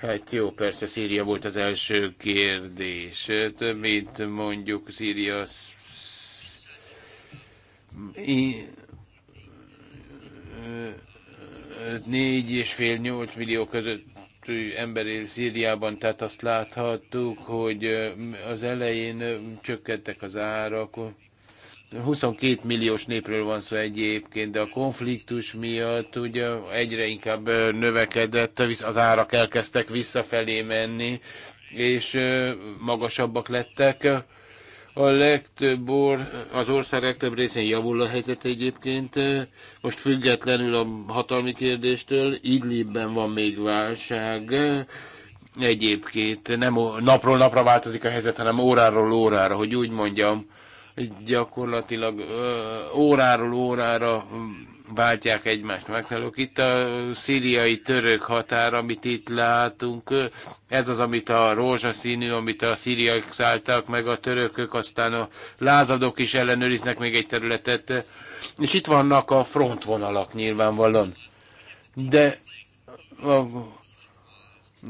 Hát jó, persze Szíria volt az első kérdés. Több mint mondjuk Szíria négy és fél nyolc millió között ember él Szíriában, tehát azt láthattuk, hogy az elején csökkentek az árak, 22 milliós népről van szó egyébként, de a konfliktus miatt ugye egyre inkább növekedett, az árak elkezdtek visszafelé menni, és magasabbak lettek. A legtöbb or, az ország legtöbb részén javul a helyzet egyébként, most függetlenül a hatalmi kérdéstől, Idlibben van még válság, egyébként nem napról napra változik a helyzet, hanem óráról órára, hogy úgy mondjam gyakorlatilag ö, óráról órára váltják egymást megszállók. Itt a szíriai török határ, amit itt látunk, ez az, amit a rózsaszínű, amit a szíriak szálltak, meg a törökök, aztán a lázadók is ellenőriznek még egy területet, és itt vannak a frontvonalak nyilvánvalóan. De a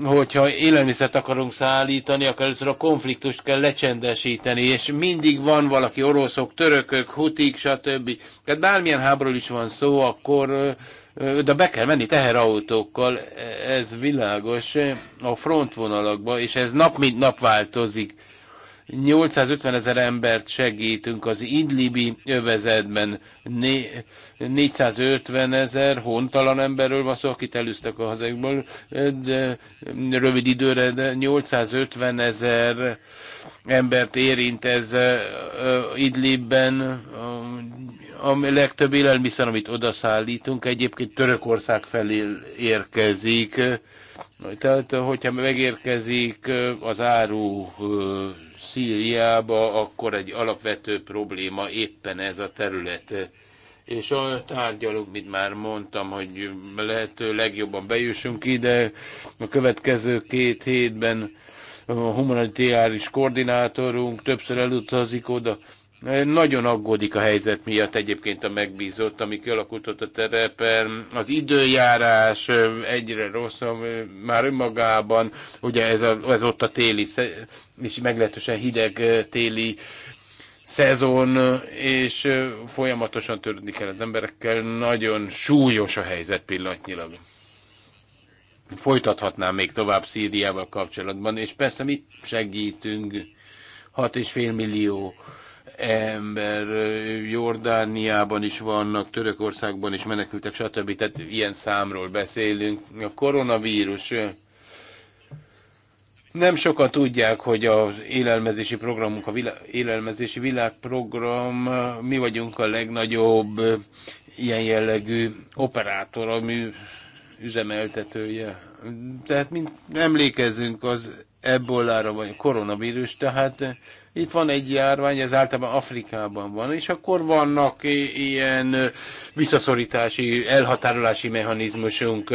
hogyha élelmiszert akarunk szállítani, akkor először a konfliktust kell lecsendesíteni, és mindig van valaki oroszok, törökök, hutik, stb. Tehát bármilyen háború is van szó, akkor de be kell menni teherautókkal, ez világos a frontvonalakba, és ez nap mint nap változik. 850 ezer embert segítünk az idlibi övezetben. 450 ezer hontalan emberről van szó, akit elűztek a hazájukból, de rövid időre, de 850 ezer embert érint ez Idlibben. A legtöbb élelmiszer, amit odaszállítunk, egyébként Törökország felé érkezik. Tehát, hogyha megérkezik az áru Szíriába, akkor egy alapvető probléma éppen ez a terület. És a tárgyalók, mint már mondtam, hogy lehető legjobban bejussunk ide a következő két hétben, a humanitárius koordinátorunk többször elutazik oda, nagyon aggódik a helyzet miatt egyébként a megbízott, ami kialakult a terepen. Az időjárás egyre rosszabb már önmagában, ugye ez, a, ez ott a téli, és meglehetősen hideg téli szezon, és folyamatosan törődni kell az emberekkel. Nagyon súlyos a helyzet pillanatnyilag. Folytathatnám még tovább Szíriával kapcsolatban, és persze mi segítünk 6,5 millió ember, Jordániában is vannak, Törökországban is menekültek, stb. Tehát ilyen számról beszélünk. A koronavírus nem sokan tudják, hogy az élelmezési programunk, a vilá- élelmezési világprogram, mi vagyunk a legnagyobb ilyen jellegű operátor, ami üzemeltetője. Tehát mint emlékezzünk az ebolára vagy a koronavírus, tehát itt van egy járvány, ez általában Afrikában van, és akkor vannak ilyen visszaszorítási, elhatárolási mechanizmusunk,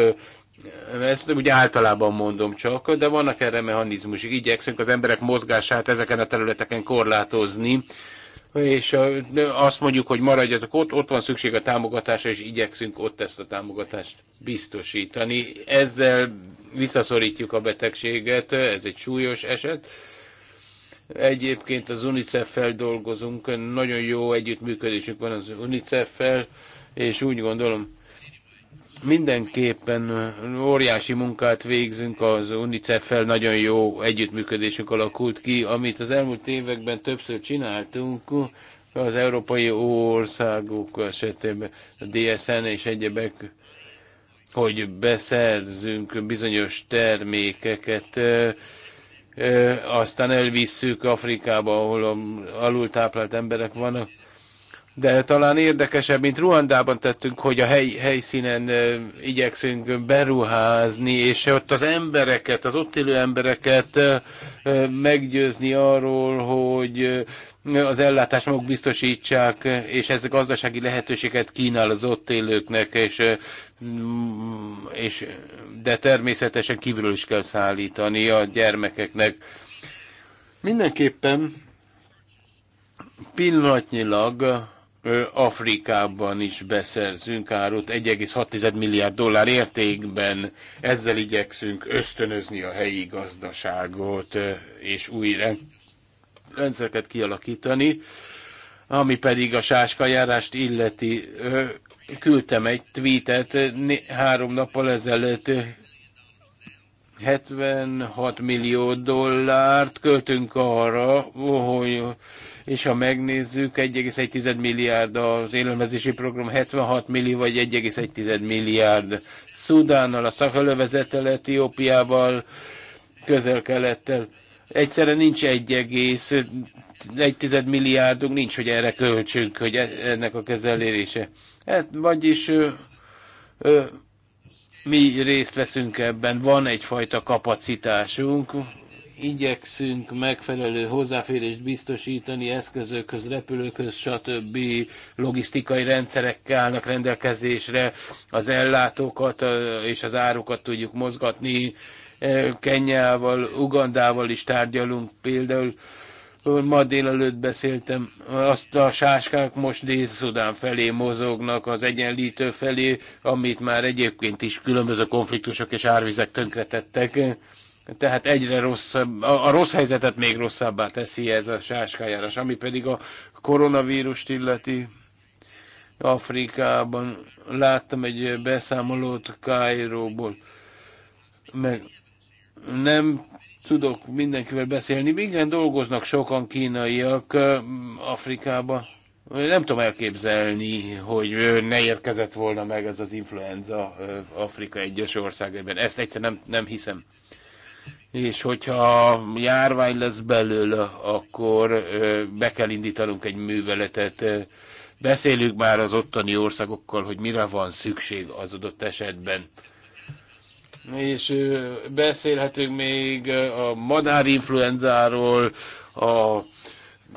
ezt ugye általában mondom csak, de vannak erre mechanizmusok. Igyekszünk az emberek mozgását ezeken a területeken korlátozni, és azt mondjuk, hogy maradjatok ott, ott van szükség a támogatásra, és igyekszünk ott ezt a támogatást biztosítani. Ezzel visszaszorítjuk a betegséget, ez egy súlyos eset, Egyébként az UNICEF-fel dolgozunk, nagyon jó együttműködésünk van az UNICEF-fel, és úgy gondolom, mindenképpen óriási munkát végzünk az UNICEF-fel, nagyon jó együttműködésünk alakult ki, amit az elmúlt években többször csináltunk, az európai országok esetében, a DSN és egyebek, hogy beszerzünk bizonyos termékeket, aztán elvisszük Afrikába, ahol alultáplált emberek vannak de talán érdekesebb, mint Ruandában tettünk, hogy a hely, helyszínen igyekszünk beruházni, és ott az embereket, az ott élő embereket meggyőzni arról, hogy az ellátást maguk biztosítsák, és ez a gazdasági lehetőséget kínál az ott élőknek, és, mm, és de természetesen kívülről is kell szállítani a gyermekeknek. Mindenképpen pillanatnyilag Afrikában is beszerzünk árut 1,6 milliárd dollár értékben. Ezzel igyekszünk ösztönözni a helyi gazdaságot és újra rendszereket kialakítani. Ami pedig a sáskajárást illeti, küldtem egy tweetet három nappal ezelőtt, 76 millió dollárt költünk arra, hogy és ha megnézzük, 1,1 milliárd az élelmezési program, 76 millió vagy 1,1 milliárd Szudánnal, a Szakalövezettel, Etiópiával, közel-kelettel. Egyszerre nincs 1,1 milliárdunk, nincs, hogy erre költsünk, hogy e- ennek a kezelése. Hát, vagyis ö, ö, mi részt veszünk ebben, van egyfajta kapacitásunk, igyekszünk megfelelő hozzáférést biztosítani eszközökhöz, repülőkhöz, stb. logisztikai rendszerek állnak rendelkezésre, az ellátókat és az árukat tudjuk mozgatni, Kenyával, Ugandával is tárgyalunk például, ma délelőtt beszéltem, azt a sáskák most Dél-Szudán felé mozognak, az egyenlítő felé, amit már egyébként is különböző konfliktusok és árvizek tönkretettek. Tehát egyre rosszabb, a, a rossz helyzetet még rosszabbá teszi ez a sáskájárás, ami pedig a koronavírust illeti. Afrikában láttam egy beszámolót Kairóból, meg nem tudok mindenkivel beszélni. Igen, dolgoznak sokan kínaiak Afrikában. Nem tudom elképzelni, hogy ne érkezett volna meg ez az influenza Afrika egyes országában. Ezt egyszer nem, nem hiszem és hogyha járvány lesz belőle, akkor be kell indítanunk egy műveletet. Beszélünk már az ottani országokkal, hogy mire van szükség az adott esetben. És beszélhetünk még a madárinfluenzáról, a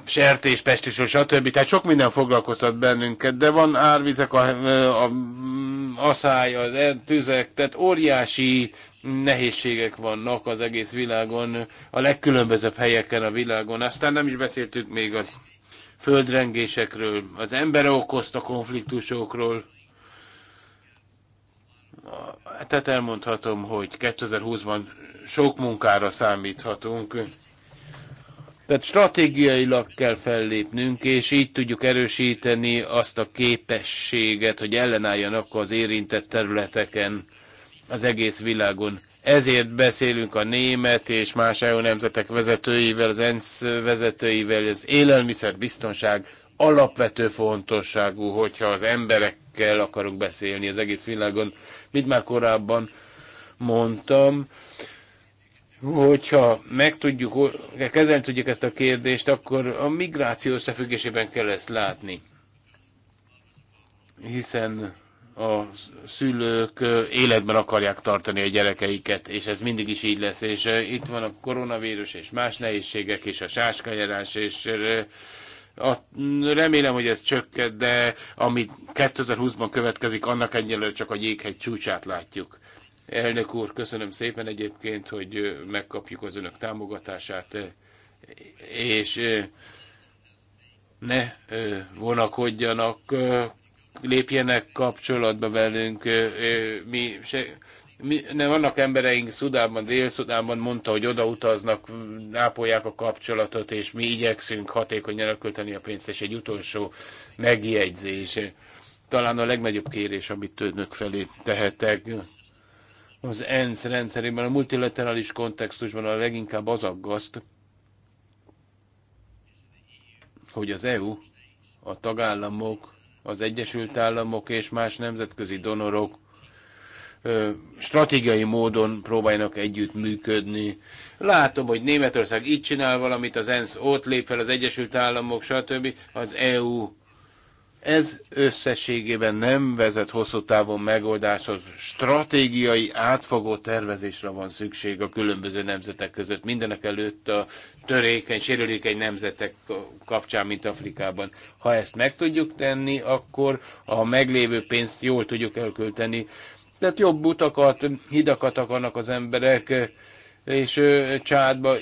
sertéspestisről, stb. Tehát sok minden foglalkoztat bennünket, de van árvizek, a, a, a asszály, a tüzek, tehát óriási nehézségek vannak az egész világon, a legkülönbözőbb helyeken a világon. Aztán nem is beszéltük még a földrengésekről, az embere okozta konfliktusokról. Tehát elmondhatom, hogy 2020-ban sok munkára számíthatunk. Tehát stratégiailag kell fellépnünk, és így tudjuk erősíteni azt a képességet, hogy ellenálljanak az érintett területeken az egész világon. Ezért beszélünk a német és más EU nemzetek vezetőivel, az ENSZ vezetőivel, az élelmiszerbiztonság alapvető fontosságú, hogyha az emberekkel akarunk beszélni az egész világon, mint már korábban mondtam, hogyha meg tudjuk, kezelni tudjuk ezt a kérdést, akkor a migráció összefüggésében kell ezt látni. Hiszen a szülők életben akarják tartani a gyerekeiket, és ez mindig is így lesz, és itt van a koronavírus, és más nehézségek, és a sáskanyarás, és a, remélem, hogy ez csökkent, de ami 2020-ban következik, annak egyelőre csak a jéghegy csúcsát látjuk. Elnök úr, köszönöm szépen egyébként, hogy megkapjuk az önök támogatását, és ne vonakodjanak, lépjenek kapcsolatba velünk. Mi, se, mi, nem, vannak embereink Szudában, Dél-Szudában, mondta, hogy odautaznak, ápolják a kapcsolatot, és mi igyekszünk hatékonyan elkölteni a pénzt, és egy utolsó megjegyzés. Talán a legnagyobb kérés, amit tőnök felé tehetek, az ENSZ rendszerében, a multilaterális kontextusban a leginkább az aggaszt, hogy az EU, a tagállamok az Egyesült Államok és más nemzetközi donorok stratégiai módon próbálnak együtt működni. Látom, hogy Németország itt csinál valamit, az ENSZ ott lép fel, az Egyesült Államok, stb. Az EU ez összességében nem vezet hosszú távon megoldáshoz. Stratégiai átfogó tervezésre van szükség a különböző nemzetek között. Mindenek előtt a törékeny, sérülékeny nemzetek kapcsán, mint Afrikában. Ha ezt meg tudjuk tenni, akkor a meglévő pénzt jól tudjuk elkölteni. Tehát jobb utakat, hidakat akarnak az emberek, és Csádba,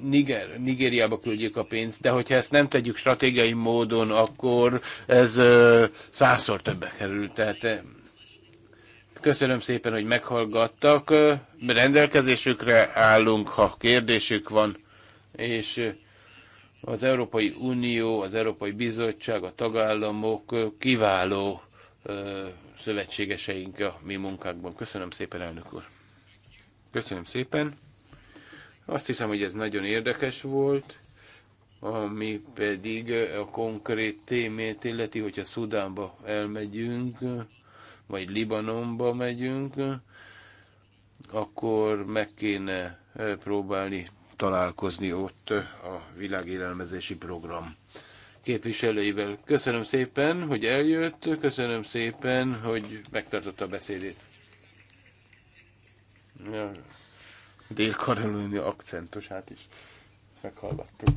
Niger, Nigériába küldjük a pénzt, de hogyha ezt nem tegyük stratégiai módon, akkor ez százszor többe kerül. Tehát Köszönöm szépen, hogy meghallgattak. Rendelkezésükre állunk, ha kérdésük van, és az Európai Unió, az Európai Bizottság, a tagállamok kiváló szövetségeseink a mi munkákban. Köszönöm szépen, elnök úr! Köszönöm szépen. Azt hiszem, hogy ez nagyon érdekes volt, ami pedig a konkrét témét illeti, hogyha Szudánba elmegyünk, vagy Libanonba megyünk, akkor meg kéne eh, próbálni találkozni ott a világélelmezési program képviselőivel. Köszönöm szépen, hogy eljött, köszönöm szépen, hogy megtartotta a beszédét dél-karolini akcentusát is meghallgattuk.